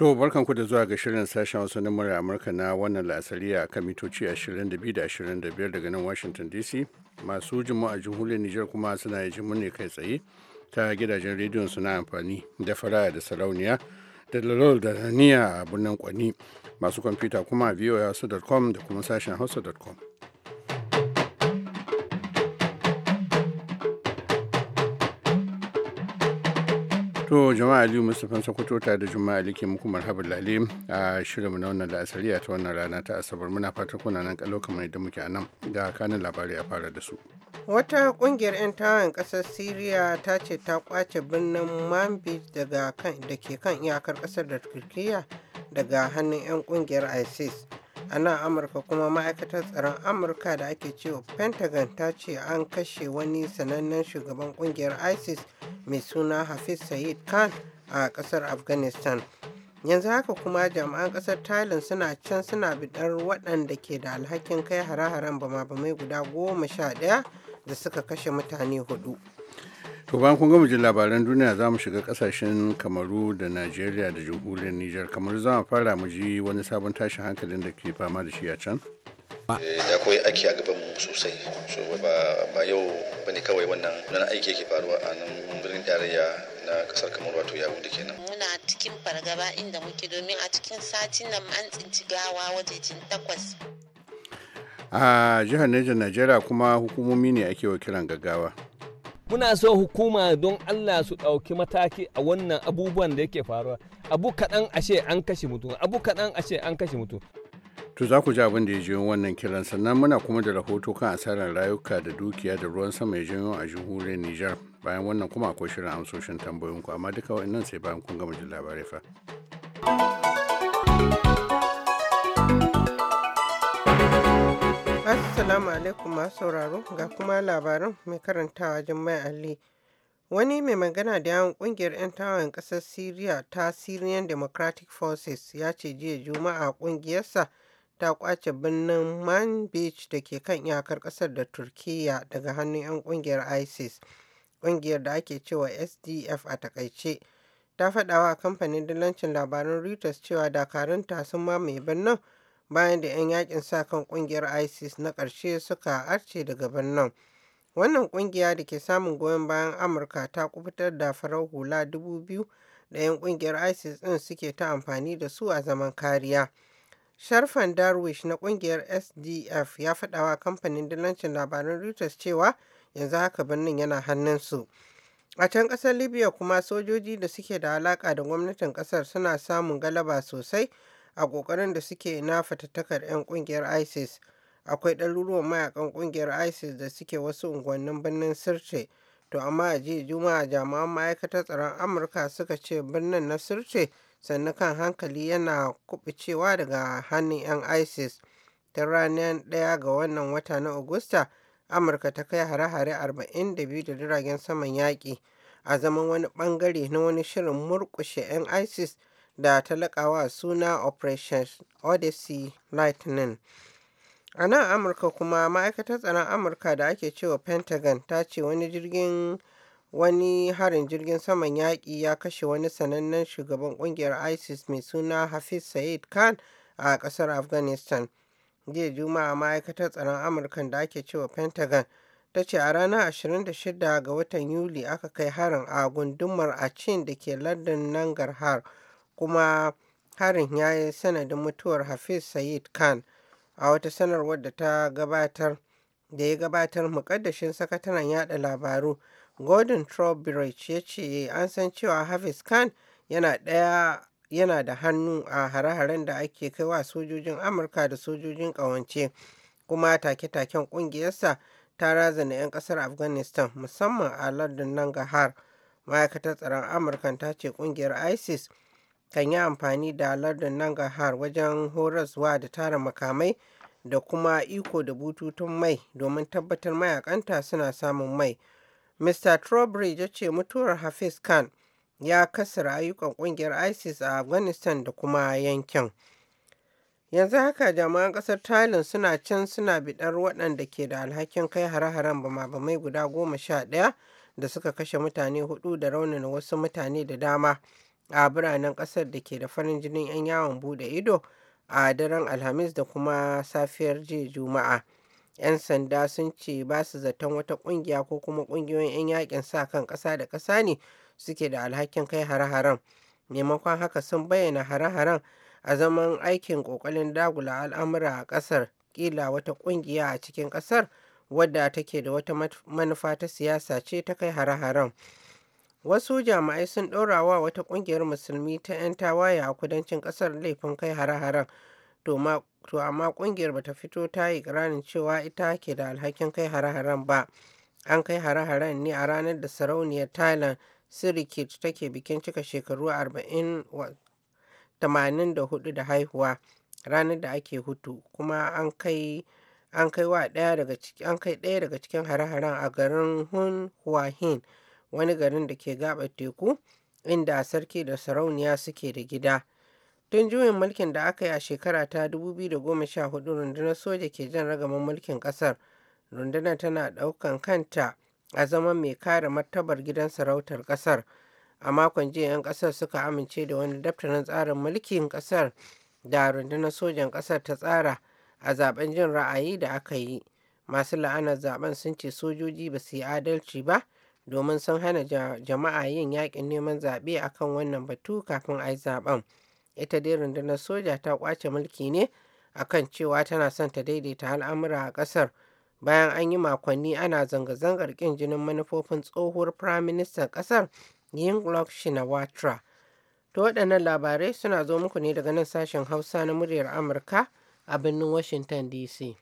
To barkanku da zuwa ga shirin sashen wasu na murya Amurka na wannan la'asari a kan mitoci 22 da 25 daga nan Washington DC. Masu jimu a jamhuriyar Nijar kuma suna yi jimu ne kai tsaye ta gidajen rediyon suna amfani da faraya da sarauniya da lalol da haniya a birnin kwani masu kwamfuta kuma a voa da kuma sashen hausa.com. To jama'a Aliyu Mustapha Sokoto ta da Juma'a Ali ke muku marhaban lale a shirinmu na wannan a ta wannan rana ta Asabar muna fatan kuna nan kalau kamar yadda muke nan ga kanin labarai a fara da su. Wata kungiyar 'yan tawayan kasar Siriya ta ce ta kwace birnin Manbij daga kan da ke kan iyakar kasar da Turkiyya daga hannun 'yan kungiyar ISIS. a nan amurka kuma ma'aikatar tsaron amurka da ake cewa pentagon ta ce an kashe wani sanannen shugaban kungiyar isis mai suna hafiz sayid khan a kasar afghanistan yanzu haka kuma jami'an kasar thailand suna can suna bidar waɗanda ke da alhakin kai hare-haren bama-bamai guda goma sha ɗaya da suka kashe mutane hudu To bayan kun gama jin labaran duniya za mu shiga kasashen kamaru da Najeriya da jamhuriyar niger kamar za mu fara mu ji wani sabon tashin hankalin da ke fama da shi a can. da eh, kawai aiki a gaban mu sosai so ba yau ba ne kawai wannan nan aiki yake faruwa a nan birnin dariya na kasar kamar wato yawo da kenan muna cikin fargaba inda muke domin a cikin satin nan an tsinci gawa wajejin takwas a jihar Niger Najeriya kuma hukumomi ne ake wa kiran gaggawa muna so hukuma don Allah su ɗauki mataki a wannan abubuwan da yake faruwa abu kaɗan ashe an kashe mutum abu kaɗan ashe an kashe mutum to za ku ji abin da ya jiyo wannan kiran sannan muna kuma da rahoto kan asarar rayuka da dukiya da ruwan sama ya jiyo a jihuriyar Nijar bayan wannan kuma akwai shirin amsoshin tambayoyinku amma duka wa'annan sai bayan kun gama jin labarai fa. Assalamu alaikum masu sauraro ga kuma labaran mai karantawa Jummai alli Wani mai magana da yawon kungiyar 'yan tawayen ƙasar Siriya ta Syrian Democratic Forces ya ce jiya Juma'a kungiyarsa ta kwace birnin Man Beach da ke kan iyakar ƙasar da Turkiyya daga hannun 'yan kungiyar ISIS. Kungiyar da ake cewa SDF a takaice ta faɗawa kamfanin dillancin labaran Reuters cewa dakarunta sun mamaye birnin bayan da 'yan yakin sa kan kungiyar isis na ƙarshe suka arce daga birnin wannan kungiya da ke samun goyon bayan amurka ta kubutar da farar hula 2000 da 'yan kungiyar isis din suke ta amfani da su a zaman kariya sharfan darwish na kungiyar sdf ya faɗawa kamfanin dillancin labaran reuters cewa yanzu haka birnin yana hannunsu a can ƙasar libya kuma sojoji da suke da alaƙa da gwamnatin ƙasar suna samun galaba sosai a kokarin da suke na fatattakar 'yan kungiyar isis akwai ɗaruruwan mayakan kungiyar isis da suke wasu unguwannin birnin sirce to amma a jiya juma'a jami'an ma'aikatar tsaron amurka suka ce birnin na sirce sannan kan hankali yana kubucewa daga hannun 'yan isis ta ranar ɗaya ga wannan wata na Agusta, Amurka ta kai hare-hare 42 da jiragen saman yaƙi a zaman wani bangare na wani shirin murƙushe 'yan ISIS da talakawa suna operation odyssey lightning a nan amurka kuma ma'aikatar tsaron amurka da ake cewa pentagon ta ce wani jirgin wani harin jirgin saman yaƙi ya kashe wani sanannen shugaban ƙungiyar isis mai suna hafiz said khan a ƙasar afghanistan jiya juma'a ma'aikatar tsaron amurka da ake cewa pentagon ta ce a ranar 26 ga watan yuli aka kai harin a gundumar a cin da ke lardin nangarhar kuma harin ya yi sanadin mutuwar hafiz sayid khan a wata sanarwar da ta gabatar da ya gabatar mukaddashin sakataren yada labaru gordon trowbridge ya ce an san cewa hafiz khan yana ɗaya yana da hannu a hare-haren da ake kai wa sojojin amurka da sojojin ƙawance kuma take-taken ƙungiyarsa ta razana 'yan ƙasar afghanistan musamman a lardin nangahar ma'aikatar tsaron amurka ta ce ƙungiyar isis kan yi amfani da lardin Nangarhar wajen horaswa da tara makamai da kuma iko da bututun mai domin tabbatar mayakanta suna samun mai. Mr. Trowbridge ya ce mutuwar Hafiz Khan ya kasara ayyukan kungiyar ISIS a Afghanistan da kuma yankin. Yanzu haka jami'an kasar Thailand suna can suna bidar waɗanda ke da alhakin kai hare-haren bama-bamai guda goma sha ɗaya da suka kashe mutane hudu da raunin wasu mutane da dama a biranen kasar da ke da farin jinin 'yan yawon bude ido a daren alhamis da kuma safiyar jiya juma'a 'yan sanda sun ce ba su zaton wata kungiya ko kuma kungiyoyin 'yan yakin sa kan kasa da kasa ne suke da alhakin kai hare-haren maimakon haka sun bayyana hare-haren a zaman aikin kokarin dagula al'amura a kasar kila wata kungiya a cikin kasar wadda take da wata manufa ta siyasa ce ta kai hare-haren Wasu jami'ai sun ɗora wa wata ƙungiyar musulmi ta 'yan tawaye a kudancin ƙasar laifin kai hare-haren, to amma ƙungiyar bata fito ta yi cewa ita ke da alhakin kai hare-haren ba. An kai hare-haren ne a ranar da sarauniyar Thailand Sirikit take bikin cika shekaru 84 da haihuwa ranar da ake hutu kuma an kai an kai ɗaya daga cikin hare-haren a garin Hun Hua wani garin da ke gabar teku inda sarki da sarauniya suke da gida tun juyin mulkin da aka yi a shekara ta 2014 rundunar soja ke jan ragaman mulkin kasar rundunar tana daukan kanta a zaman mai kare martabar gidan sarautar kasar a makon jiya 'yan kasar suka amince da wani daftarin tsarin mulkin kasar da rundunar sojan kasar ta tsara a zaben jin ra'ayi da aka yi masu la'anar zaben sun ce sojoji ba su yi adalci ba domin sun hana jama'a yin yakin neman zaɓe a kan wannan batu kafin a yi zaɓen. Ita dai rundunar soja ta ƙwace mulki ne a kan cewa tana son ta daidaita al'amura a ƙasar bayan an yi makonni ana zanga-zangar ƙin jinin manufofin tsohuwar firaministan ƙasar Yingluck Shinawatra. To waɗannan labarai suna zo muku ne daga nan sashen Hausa na muryar Amurka a birnin Washington DC.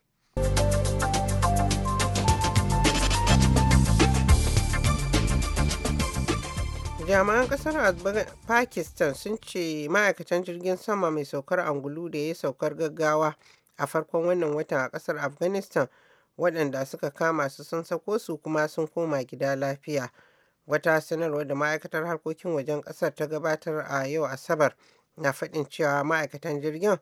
jami'an kasar pakistan sun ce ma'aikatan jirgin sama mai saukar angulu da ya saukar gaggawa a farkon wannan watan a kasar afghanistan waɗanda suka kama su sun sako su kuma sun koma gida lafiya wata sanarwar da ma'aikatar harkokin wajen kasar ta gabatar a yau asabar na faɗin cewa ma'aikatan jirgin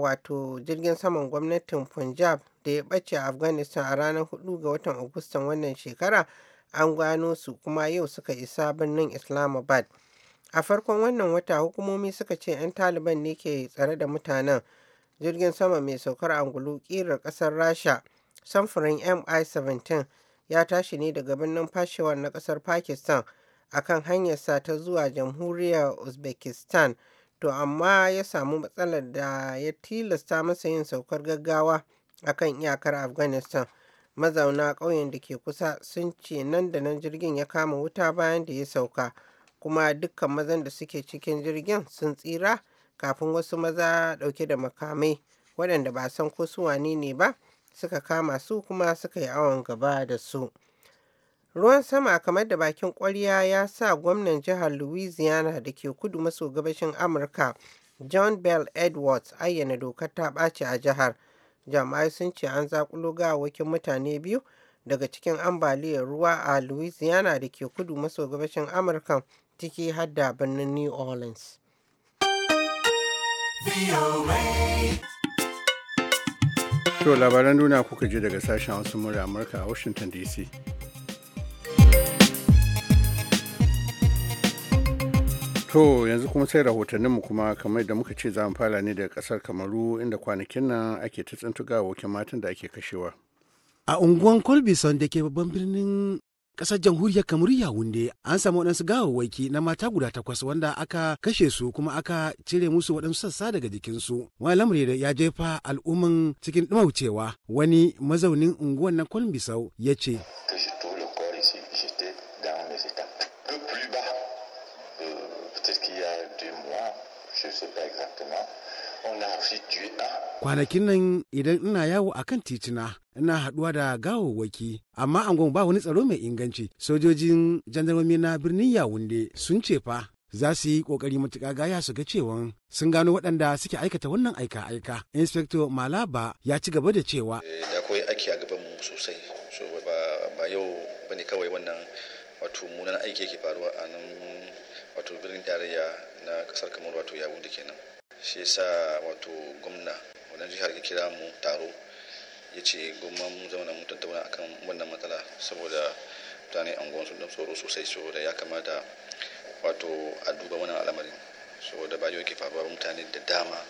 wato jirgin saman gwamnatin punjab da ya ɓace a afghanistan a ranar 4 ga watan agustan wannan shekara an gano su kuma yau suka isa birnin Islamabad. A farkon wannan wata hukumomi suka ce 'yan Taliban ne ke tsare da mutanen jirgin sama mai saukar angulu ƙirar kasar Rasha samfurin MI-17 ya tashi ne daga birnin fashewar na kasar Pakistan a kan hanyarsa ta zuwa jamhuriyar Uzbekistan to amma ya samu matsalar da ya tilasta masa yin saukar gaggawa a kan iyakar Afghanistan. mazauna ƙauyen da ke kusa sun ce nan da nan jirgin ya kama wuta bayan da ya sauka kuma dukkan mazan da suke cikin jirgin sun tsira kafin wasu maza ɗauke da makamai waɗanda ba san ko su wani ne ba suka kama su kuma suka yi awon gaba da su ruwan sama kamar da bakin ƙwarya ya sa gwamnan jihar louisiana da ke kudu maso gabashin amurka john bell edwards ayyana dokar ta ɓaci a jihar jama'ai sun ce an zakulo gawakin mutane biyu daga cikin ambaliyar ruwa a louisiana da ke kudu maso gabashin amurka ciki har da birnin new orleans To labaran duniya kuka je daga sashen wasu murya Amurka a Washington DC. To yanzu kuma sai rahotanninmu kuma kamar da muka ce za mu fara ne daga kasar Kamaru inda kwanakin nan ake ta tsintuga abokin matan da ake kashewa. A unguwan Kolbison da ke babban birnin kasar jamhuriyar kamaru yawunde an samu waɗansu gawawwaki na mata guda takwas wanda aka kashe su kuma aka cire musu waɗansu sassa daga jikinsu wani lamari da ya jefa al'umman cikin ɗumaucewa wani mazaunin unguwan na kwalmbisau ya ce Kwanakin nan idan ina yawo a kan titina ina haɗuwa da gawawwaki amma angon ba wani tsaro mai inganci sojojin jandarmomi na birnin yawunde sun ce fa za su yi kokari matuƙa gaya su ga cewan sun gano waɗanda suke aikata wannan aika-aika. Inspector Malaba ya ci gaba da cewa. Eh, da akwai aiki a gaban mu sosai, ba yau bane kawai wannan wato munan aiki yake faruwa a nan wato birnin tarayya na kasar kamar wato yawun da kenan shi yasa wato gwamna wannan jihar ya kira mu taro ya ce gwamna mu mu tattauna akan wannan matsala saboda mutane anguwan sun dan tsoro sosai saboda ya kamata wato a duba wannan al'amarin saboda ba yau ke faruwa mutane da dama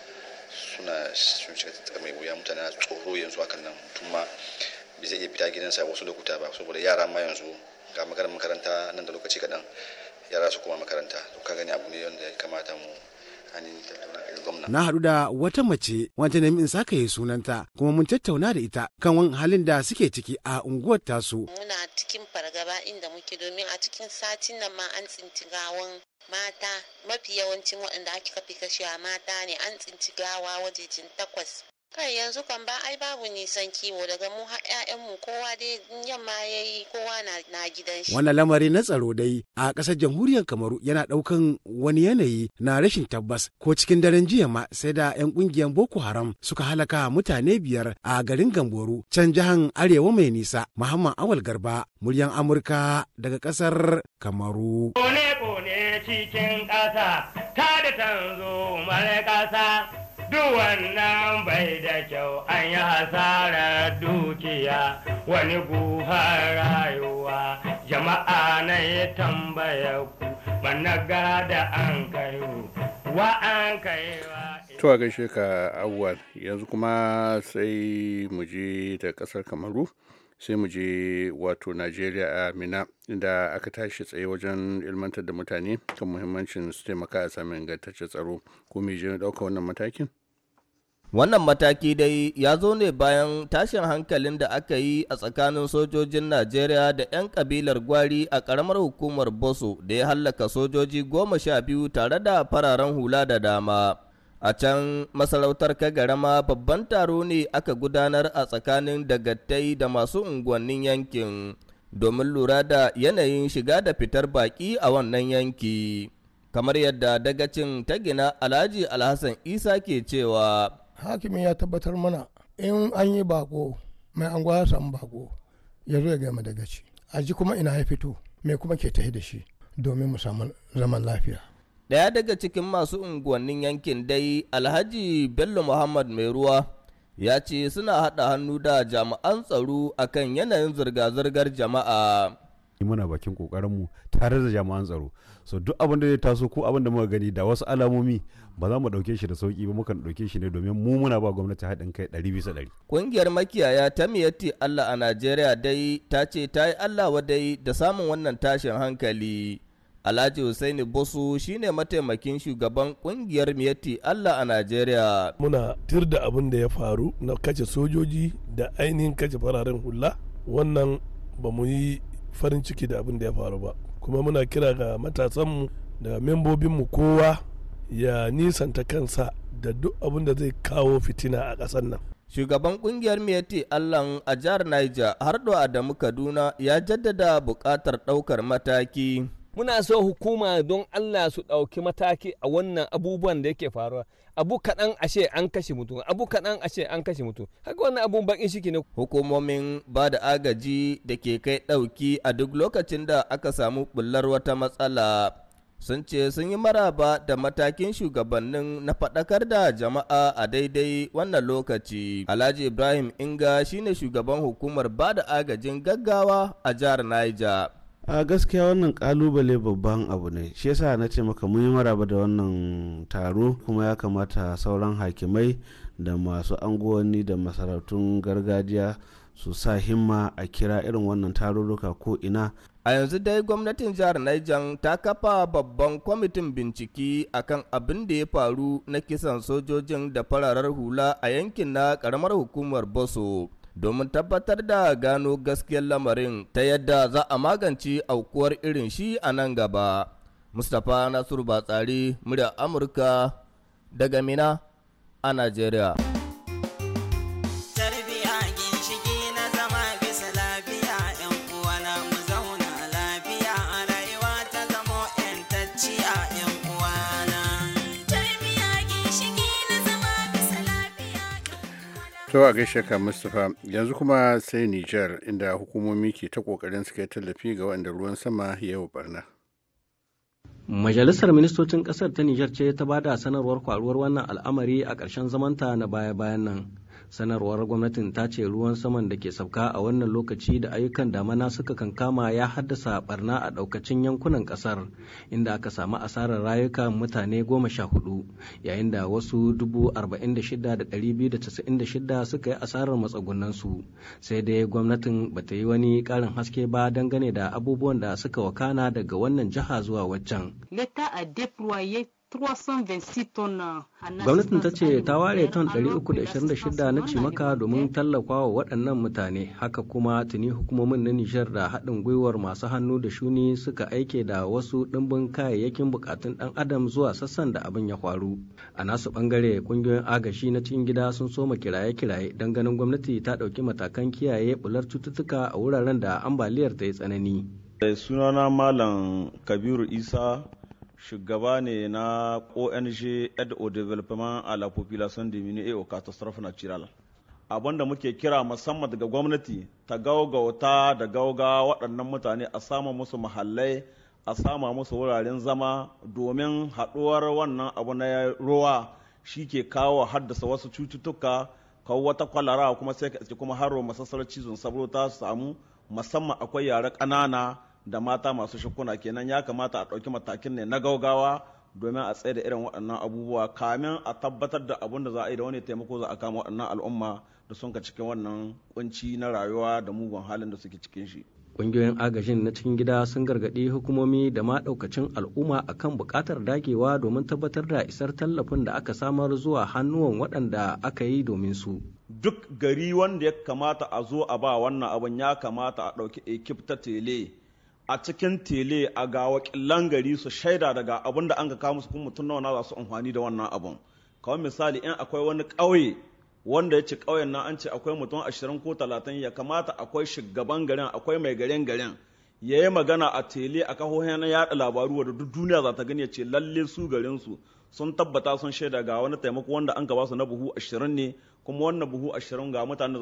suna sun shiga tsakar mai wuya mutane na tsoro yanzu akan nan mutum ma bai zai iya fita gidansa wasu lokuta ba saboda yara ma yanzu ga maganar makaranta nan da lokaci kaɗan yara su kuma makaranta to ka gani abu ne wanda ya kamata mu Na haɗu da wata mace wacce nemi in saka yi sunanta kuma mun tattauna da ita kan wani halin da suke ciki a unguwar tasu. Muna cikin fargaba inda muke domin a cikin satin nan ma an tsinci gawan mata mafi yawancin waɗanda aka fi kashewa mata ne an tsinci gawa jin takwas kai yanzu kan ba ai babu nisan kiwo daga mu ƴaƴanmu kowa dai yamma yayi kowa na, na gidan shi wannan lamari na tsaro dai a ƙasar jamhuriyar kamaru yana ɗaukan wani yanayi na rashin tabbas ko cikin daren jiya ma sai da ƴan ƙungiyar boko haram suka halaka mutane biyar a garin gamboru can jihar arewa mai nisa muhammad awal garba muryan amurka daga ƙasar kamaru cikin ƙasa ta da tanzo mara ƙasa wannan bai da kyau an yi hasarar dukiya wani guha rayuwa jama'a na ya tambaya ku bana gada an kayo wa an kaiwa to gaishe ka awwal yanzu kuma sai mu je da kasar kamaru sai mu je wato najeriya a mina inda aka tashi tsaye wajen ilmantar da mutane kan muhimmancin su taimaka a samun ingantaccen tsaro ko mai je ɗauka wannan matakin Wannan mataki dai ya zo ne bayan tashin hankalin da aka yi a tsakanin sojojin Najeriya da 'yan kabilar gwari a karamar hukumar Boso da ya hallaka sojoji goma sha biyu tare da fararen hula da dama. A can masarautar Kagarama babban taro ne aka gudanar a tsakanin dagatai da masu unguwannin yankin domin lura da yanayin shiga da fitar baƙi a wannan yanki. Kamar yadda dagacin ta gina Alhaji Alhassan Isa ke cewa. hakimin ya tabbatar mana in an yi bako mai anguwa ya samu bako ya zo ya gama da gaci a ji kuma ina ya fito me kuma ke tahi da shi domin mu samu zaman lafiya daya daga cikin masu unguwannin yankin dai alhaji bello muhammad mai ruwa ya ce suna hada hannu da jami'an tsaro akan yanayin zirga-zirgar jama'a muna bakin kokarinmu tare da jami'an tsaro so duk abin da ya taso ko abin da muka gani da wasu alamomi ba za mu dauke shi da sauki ba mukan dauke shi ne domin mu muna ba gwamnati haɗin kai ɗari bisa ɗari. kungiyar makiyaya ta miyatti allah a najeriya dai ta ce ta yi allah dai da samun wannan tashin hankali Alhaji Hussaini Bosu shine mataimakin shugaban kungiyar Miyatti Allah a Najeriya. Muna tir da abin da ya faru na kace sojoji da ainihin kace fararen hula. Wannan ba mu yi farin ciki da abin da ya faru ba kuma muna kira ga matasanmu da membobinmu kowa ya nisanta kansa da duk abin da zai kawo fitina a ƙasar nan shugaban kungiyar miyati allan a jihar niger hardo adamu kaduna ya jaddada buƙatar ɗaukar mataki muna so hukuma don Allah su ɗauki mataki a wannan abubuwan da yake faruwa abu kaɗan ashe an kashe mutum abu kaɗan ashe an kashe mutum haka wannan abun bakin shi ne hukumomin ba da agaji da ke kai ɗauki a duk lokacin da aka samu bullar wata matsala sun ce sun yi maraba da matakin shugabannin na faɗakar da jama'a a daidai wannan lokaci. Alhaji Ibrahim Inga shine shugaban hukumar ba da agajin gaggawa a jihar Niger. a gaskiya wannan kalubale babban abu ne shi yasa na ce maka mun yi maraba da wannan taro kuma ya kamata sauran hakimai da masu anguwanni da masarautun gargajiya su sa himma a kira irin wannan tarurruka ko ina a yanzu dai gwamnatin jihar Niger ta kafa babban kwamitin bincike akan abin da ya faru na kisan sojojin da fararar hula a yankin na karamar hukumar boso domin tabbatar da gano gaskiyar lamarin ta yadda za a magance aukuwar irin shi a nan gaba. Mustapha Nasiru Batsari, murya Amurka daga Mina a Najeriya. To a gaishe ka Mustapha yanzu kuma sai Nijar inda hukumomi ke ta kokarin suka yi tallafi ga wanda ruwan sama ya yi barna. Majalisar ministocin ƙasar ta Nijar ce ta bada sanarwar kwaruwar wannan al'amari a ƙarshen zamanta na baya-bayan nan. sanarwar gwamnatin ta ce ruwan saman da ke sauka a wannan lokaci da ayyukan damana suka kankama ya haddasa barna a daukacin yankunan kasar inda aka samu asarar rayuka mutane goma sha hudu yayin da wasu dubu arba'in da shida da ɗari biyu da casa'in da shida suka yi asarar matsugunansu sai dai gwamnatin ba ta yi wani ƙarin haske ba dangane da abubuwan da suka wakana daga wannan jiha zuwa waccan. L'État a Euh, Gwamnatin ta ce ta ware ton 326 na cimaka domin tallafawa waɗannan mutane, haka kuma tuni hukumomin na Nijar da haɗin gwiwar masu hannu da shuni suka aike da wasu ɗimbin kayayyakin bukatun ɗan adam zuwa sassan da abin ya faru. A nasu ɓangare ƙungiyoyin agashi na cikin gida sun soma kiraye-kiraye don ganin gwamnati ta ɗauki matakan kiyaye bular cututtuka a wuraren da ambaliyar ta yi tsanani. Eh, sunana Malam Kabiru Isa shugaba ne na ONG Aid au Development a la Population Diminuée aux Catastrophes Naturales. abin da muke kira musamman daga gwamnati ta gaugauta da gauga waɗannan mutane a sama musu mahallai a sama musu wuraren zama domin haɗuwar wannan abu na ruwa shi ke kawo haddasa wasu cututtuka kawo wata kwalara kuma sai ka kuma haro masasar cizon saboda ta samu musamman akwai yara ƙanana da mata masu shukuna kenan ya kamata a ɗauki matakin ne na gaugawa domin a tsaye da irin waɗannan abubuwa kamin a tabbatar da abun da za a yi da wani taimako za a kama waɗannan al'umma da sun ka cikin wannan kunci na rayuwa da mugun halin da suke cikin shi. Ƙungiyoyin agajin na cikin gida sun gargaɗi hukumomi da ma ɗaukacin al'umma akan buƙatar dagewa domin tabbatar da isar tallafin da aka samar zuwa hannuwan waɗanda aka yi domin su. Duk gari wanda ya kamata a zo a ba wannan abin ya kamata a ɗauki ekip ta tele a cikin tele a ga wakilan gari su shaida daga abin da an ka kawo musu kuma mutum nawa za su amfani da wannan abun kawai misali in akwai wani ƙauye wanda ya ce ƙauyen na an ce akwai mutum ashirin ko talatin ya kamata akwai shugaban garin akwai mai garin garin ya yi magana a tele a kahohin na yaɗa labaru wadda duk duniya za ta gani ya ce lalle su garin su sun tabbata sun shaida ga wani taimako wanda an gaba su na buhu ashirin ne kuma wannan buhu ashirin ga mutane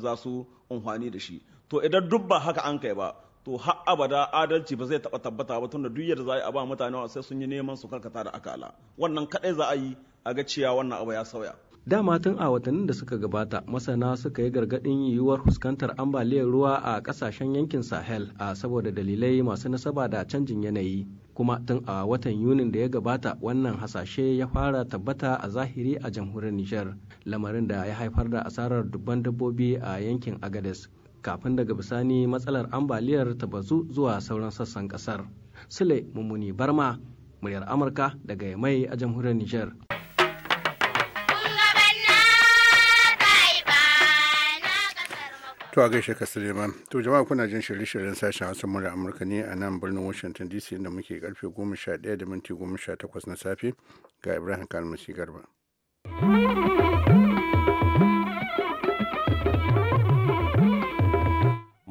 za su amfani da shi to idan duk ba haka an kai ba to har abada adalci ba zai taba tabbata ba tunda duk yadda za a ba mutane sai sun yi neman su karkata da akala wannan kadai za a yi a ga cewa wannan abu ya sauya dama tun a watannin da suka gabata masana suka yi gargadin yiwuwar fuskantar ambaliyar ruwa a kasashen yankin sahel a saboda dalilai masu nasaba da canjin yanayi kuma tun a watan yunin da ya gabata wannan hasashe ya fara tabbata a zahiri a jamhuriyar nijar lamarin da ya haifar da asarar dubban dabbobi a yankin agades kafin daga bisani matsalar ambaliyar ta bazu zuwa sauran sassan kasar. Sule Mummuni Barma, muryar Amurka daga Yamai a jamhuriyar Nijar. To a gaishe ka Suleiman. To jama'a kuna jin shirye-shiryen sashen Hausa murya Amurka ne a nan birnin Washington DC inda muke karfe 11 da minti 18 na safe ga Ibrahim Kalmasi Garba.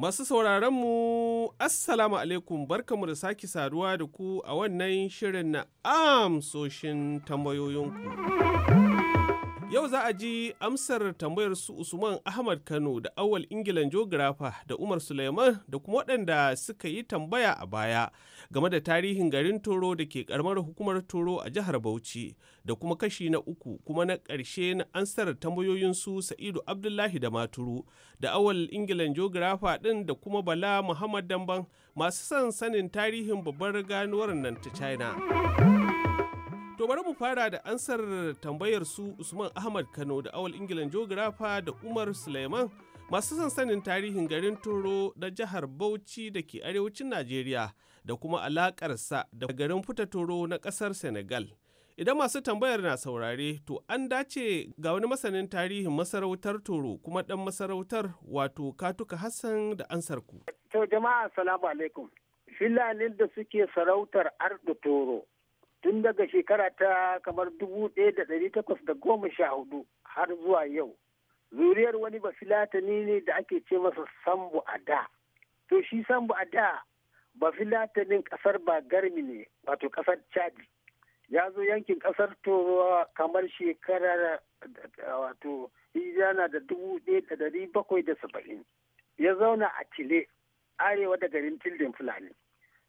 Masu mu Assalamu alaikum barkamu da sake saduwa da ku a wannan shirin na amsoshin tambayoyinku. Yau za a ji amsar tambayar su Usman Ahmad Kano da awal Ingilan Geographer da Umar Suleiman da kuma waɗanda suka yi tambaya a baya game da tarihin garin Toro da ke karamar hukumar Toro a jihar Bauchi da kuma kashi na uku kuma na ƙarshe na ansar tambayoyin su Sa'idu Abdullahi da Maturu da awal Ingilan Geographer ɗin da kuma Bala Muhammad Damban masu son sanin tarihin babbar ganuwar nan ta China. bari mu fara da ansar tambayar su Usman Ahmad Kano da awal Ingilan Geographer da Umar Suleiman masu sansanin tarihin garin Toro da jihar Bauchi da ke arewacin Najeriya da kuma alakarsa da garin Futa Toro na ƙasar Senegal. Idan masu tambayar na saurare, to an dace ga wani masanin tarihin masarautar Toro kuma ɗan masarautar wato Katuka Hassan da ansar ku To jama'a Assalamu alaikum. Filanin da suke sarautar Ardu Toro tun daga shekara ta kamar dubu ɗaya da ɗari takwas da goma sha hudu har zuwa yau zuriyar wani bafilatani ne da ake ce masa sambu a da to shi sambu a da bafilatanin ƙasar bagarmi ne wato kasar chadi ya zo yankin kasar turawa kamar shekarar eh, wato hijana da dubu ɗaya da ɗari bakwai da saba'in ya zauna a tile arewa da garin tildin fulani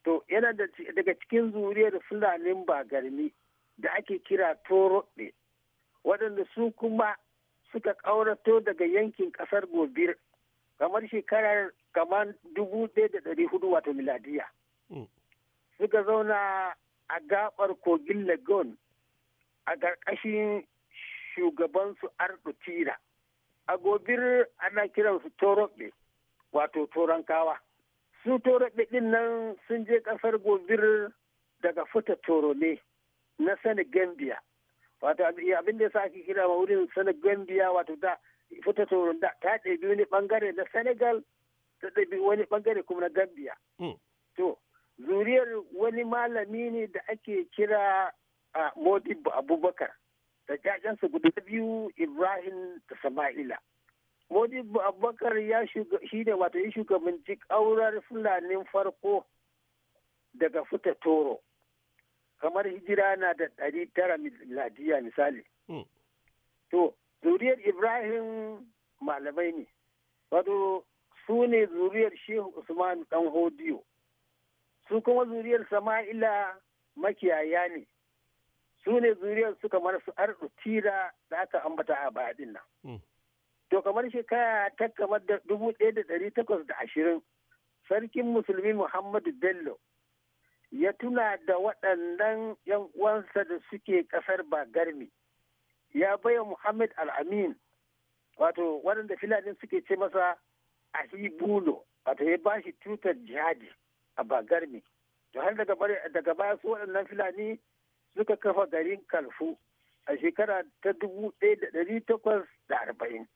to yana daga cikin zuriyar fulanin bagarmi da ake kira toroɗe waɗanda su kuma suka ƙaurato daga yankin ƙasar gobir kamar shekarar kamar dubu ɗaya da ɗari hudu wato miladiya mm. suka zauna a gaɓar kogin lagon a ƙarƙashin shugabansu arɗo tira a gobir ana kiransu toroɓe wato torankawa su ɗin nan sun je ƙasar gobir daga fita ne na senegambia wato abin da ya sa ake kira ma wurin senegambia wato da fita toro da ta ɗabi wani bangare na senegal ta ɗabi wani ɓangare kuma na gambia hmm. to zuriyar wani malami ne da ake kira a modibu abubakar da jajensa guda biyu ibrahim da sama'ila modibu abubakar ya shi ne wato ya shugabanci ƙaurar fulanin farko daga fita toro kamar hijira na da ɗari tara miladiya misali hmm. to zuriyar ibrahim malamai ne wato su ne zuriyar shehu usman dan hodiyo su kuma zuriyar sama'ila makiyaya ne su ne zuriyar su kamar su arɗu tira da aka ambata a baɗin nan hmm. to kamar shekara ta kamar da dubu ɗaya da ɗari takwas da ashirin sarkin musulmi muhammadu bello ya tuna da waɗannan yan uwansa da suke ƙasar garmi ya baya muhammad al wato waɗanda filanin suke ce masa a hibulo wato ya ba shi tutar jihadi a bagarmi to har daga baya su waɗannan filani suka kafa garin kalfu a shekara ta dubu ɗaya da ɗari takwas da arba'in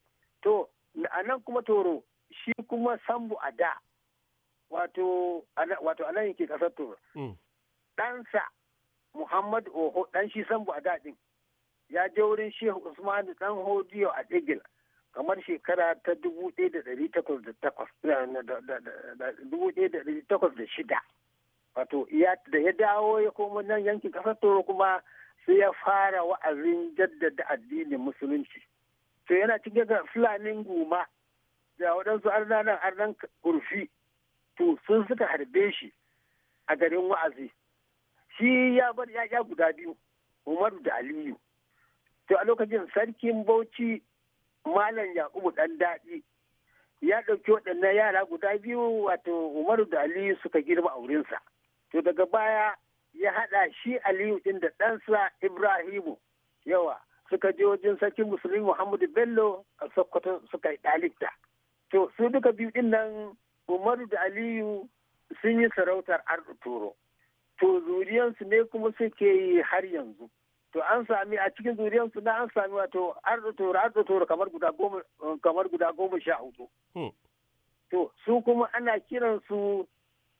to a nan kuma toro shi kuma sambu a da wato a nan yake kasar toro mm. ɗansa muhammad oho ɗan shi sambu a da ɗin ya je wurin shehu usman ɗan hodiyo a ɗigil kamar shekara ta dubu ɗaya da ɗari takwas da takwas dubu ɗaya da ɗari takwas da shida wato da ya dawo ya koma nan yankin kasar toro kuma sai ya fara wa'azin jaddada addinin musulunci to yana cike da fulanin guma da waɗansu arnanan arnan kurfi to sun suka harbe shi a garin wa'azi shi ya bar ya'ya guda biyu umaru da aliyu to a lokacin sarkin bauchi malam yakubu dan daɗi ya ɗauki waɗannan yara guda biyu wato umaru da aliyu suka girma a wurinsa to daga baya ya haɗa shi aliyu ɗin da ɗansa ibrahimu yawa suka je wajen sarki musulmi muhammadu bello a sokoto suka yi dalibta to su duka biyu din nan umaru da aliyu sun yi sarautar arduturo to zuriyansu ne kuma suke yi har yanzu to an sami a cikin zuriyansu na an sami wato arduturo arduturo kamar guda goma kamar guda goma sha hudu hmm. to su kuma ana kiransu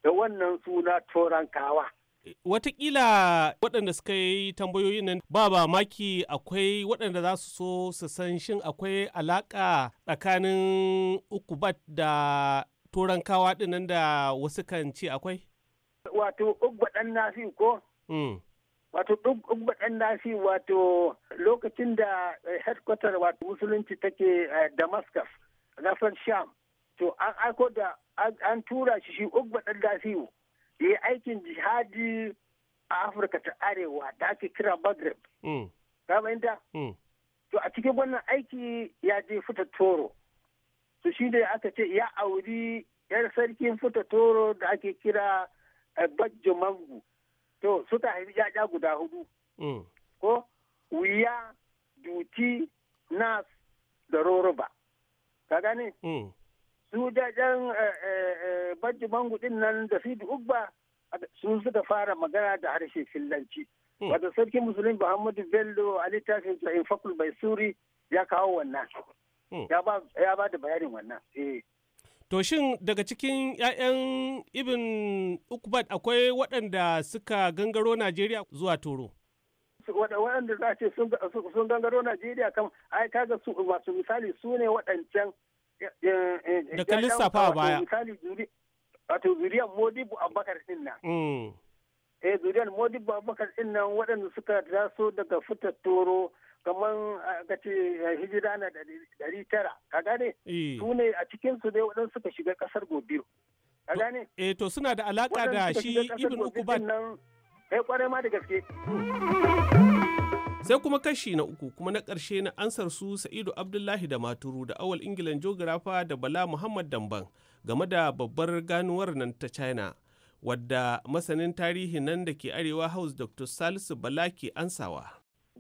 da wannan suna torankawa Watakila waɗanda suka yi tambayoyin nan ba ba maki akwai waɗanda za su so su san shin akwai alaƙa tsakanin ukubat da turankawa ɗinan da wasu kan ce akwai? Wato ugbaɗan nafi ko? Hmm. Wato ugbaɗan nafi wato lokacin da eh, headquarter wato musulunci take eh, Damascus, gasar Sham. To an aiko da an tura shi shi ugbaɗan nafi ya yi aikin jihadi a afirka ta arewa da ake kira maghreb hmm. ka fahimta hmm. to a cikin wannan aiki ya je fita toro to shi ne aka ce ya auri yar sarkin fita toro da ake kira eh, bajjo mangu to suka haifi ya'ya guda hudu hmm. ko wuya duti nas da Roroba. ka gane su jajen bangu din nan da sidi ugba su suka fara magana da harshen finlanci hmm. Wata sarki musulun muhammadu bello a littafin sa in fakul bai suri ya kawo wannan hmm. ya ba da bayanin wannan eh. to shin daga cikin 'ya'yan ibin ukbat akwai waɗanda suka gangaro najeriya zuwa toro waɗanda za a ce sun gangaro najeriya kan ai kaga su masu misali su ne waɗancan Eh, da ka lissafa baya misali wato zuriyar modibu abubakar din nan mm. eh zuriyar modibu abubakar din nan waɗanda suka taso daga fitar toro kamar ka ce hijira na ɗari tara ka gane eh. su ne a cikin su dai waɗanda suka shiga ƙasar gobiru ka gane eh to suna da alaƙa da shi ibn ukubat eh kwarai ma da gaske sai kuma kashi na uku kuma na ƙarshe na ansar su sa'idu abdullahi da maturu da awal ingilan jogirafa da bala muhammad damban game da babbar ganuwar nan ta china wadda masanin tarihi nan da ke arewa house dr salisu bala ke ansawa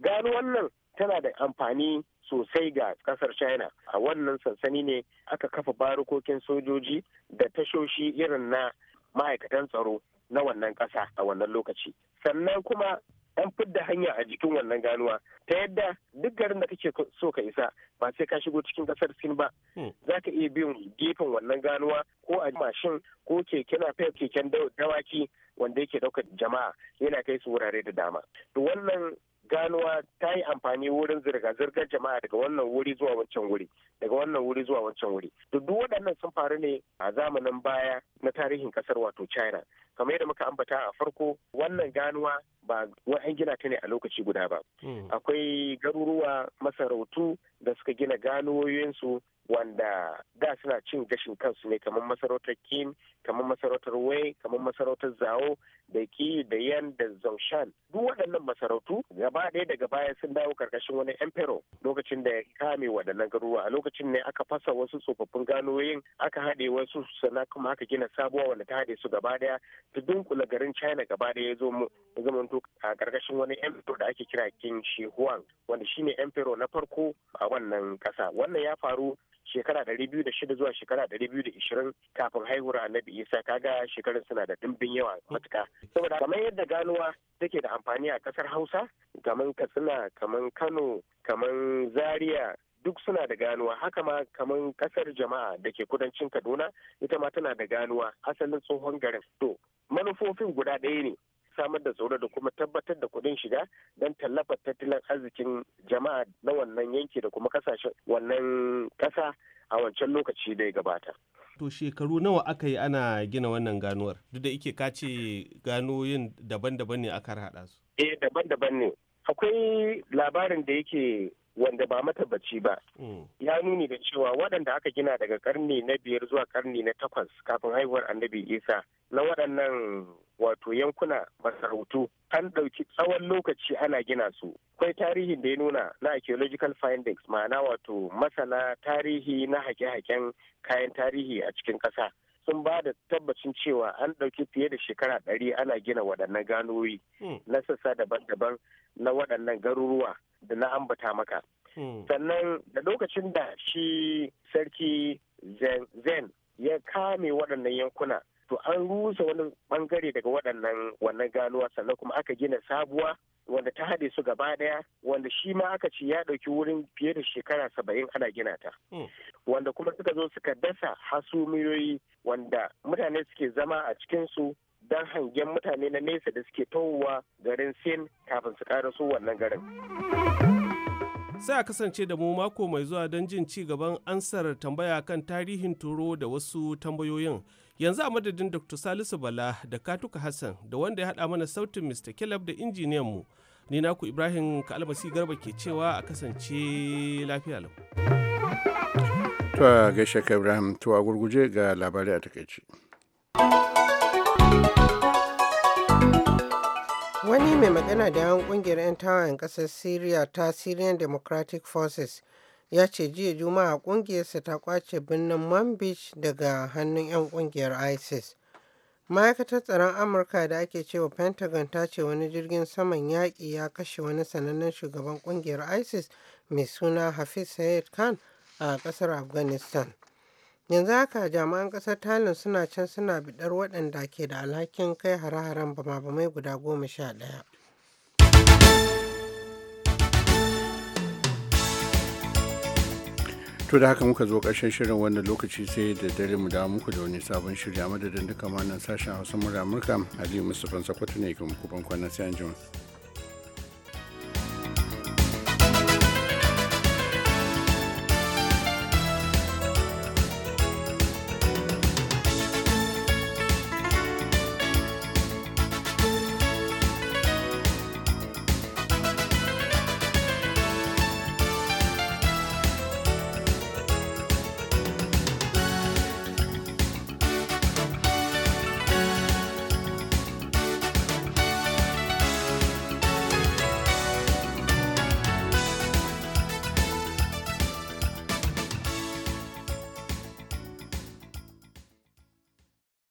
ganuwar nan tana da amfani sosai ga kasar china a wannan sansani ne aka kafa barukokin sojoji da tashoshi irin na ma'aikatan tsaro na wannan kasa a wannan lokaci sannan kuma an fidda hanya a jikin wannan ganuwa ta yadda duk garin da kake so ka isa ba sai ka shigo cikin kasar sin ba hmm. za ka iya bin gefen wannan ganuwa ko a mashin ko keke na keken dawaki wanda yake daukar jama'a yana kai su wurare da dama to wannan ganuwa ta yi amfani wurin zirga-zirgar jama'a daga wannan wuri zuwa wancan wuri daga wannan wuri zuwa wancan wuri duk waɗannan sun faru ne a zamanin baya na tarihin kasar wato china kamar yadda muka ambata a farko wannan ganuwa ba an gina ta ne a lokaci guda ba hmm. akwai garuruwa masarautu da suka gina ganuwoyinsu wanda da suna cin gashin kansu ne kamar masarautar kim kamar masarautar wai kamar masarautar zawo da ki da yan da zongshan duk waɗannan masarautu gaba ɗaya daga baya sun dawo karkashin wani emperor lokacin da ya kame waɗannan garuruwa a lokacin ne aka fasa wasu tsofaffin ganoyin aka haɗe wasu sana kuma aka gina sabuwa wanda ta haɗe su gaba ɗaya ta dunkula garin china gaba ɗaya ya zo mu zamanto a karkashin wani emperor da ake kira king shi huang wanda shine emperor na farko a wannan ƙasa wannan ya faru shekara ɗari biyu da shida zuwa shekara ɗari biyu da ishirin kafin haihuwar annabi isa kaga shekarun suna da ɗimbin yawa matuka saboda kamar yadda ganuwa take da amfani a ƙasar hausa kamar katsina kamar kano kamar zaria duk suna da ganuwa haka ma kamar ƙasar jama'a da ke kudancin kaduna ita ma tana da ganuwa asalin tsohon garin to manufofin guda ɗaya ne samar da tsoro da kuma tabbatar da kuɗin shiga don tallafa tattalin arzikin jama'a na wannan yanki da kuma kasashen wannan ƙasa a wancan lokaci da ya gabata. To shekaru nawa aka yi ana gina wannan ganuwar? Duk da ike ka ce yin daban-daban ne aka haɗa su. Eh daban-daban ne. Akwai labarin da yake wanda ba matabbaci ba hmm. ya nuni da cewa waɗanda aka gina daga karni na biyar zuwa karni na takwas kafin haihuwar annabi isa na waɗannan wato yankuna masarautu an ɗauki tsawon lokaci ana gina su akwai tarihin da ya nuna na archaeological findings ma'ana wato masana tarihi na haƙe haken kayan tarihi a cikin ƙasa sun ba da tabbacin cewa an ɗauki fiye da shekara ɗari ana gina waɗannan ganoyi hmm. na sassa daban-daban na waɗannan garuruwa da na ambata maka. Hmm. Sannan da lokacin da shi sarki zen ya kame waɗannan yankuna to an rusa wani bangare daga waɗannan wannan ganuwa sannan kuma aka gina sabuwa wanda ta haɗe su gaba ɗaya wanda shi ma aka ce ya ɗauki wurin fiye da shekara saba'in ana gina ta hmm. wanda kuma suka zo suka dasa hasumiyoyi wanda mutane suke zama a cikinsu don hangen mutane na nesa da suke tohowa garin sin kafin su karaso wannan garin. sai a kasance da mu mako mai zuwa don jin ci gaban ansar tambaya kan tarihin turo da wasu tambayoyin yanzu a madadin dr salisu bala da katuka hassan da wanda ya hada mana sautin mr caleb da injiniyan mu ni naku ibrahim kalmasi garba ke cewa a kasance lafiya lau to gaishe ka ibrahim to a gurguje ga labarai a takaici Wani mai magana da yawan kungiyar 'yan tawayen kasar Syria ta Syrian Democratic Forces ya ce jiya Juma'a kungiyarsa ta kwace birnin Manbij daga hannun 'yan kungiyar ISIS. Ma'aikatar tsaron Amurka da ake cewa Pentagon ta ce wani jirgin saman yaƙi ya kashe wani sanannen shugaban kungiyar ISIS mai suna Hafiz Sayed Khan a ƙasar Afghanistan. yanzu haka jami'an ƙasar thailand suna can suna bidar waɗanda ke da alhakin kai hare-haren bama-bamai guda goma sha ɗaya to da haka muka zo ƙarshen shirin wannan lokaci sai da dare mu da muku da wani sabon shirya madadin duka manan sashen hausa mura amurka aliyu mustapha sakwato ne ga muku kwanan sai an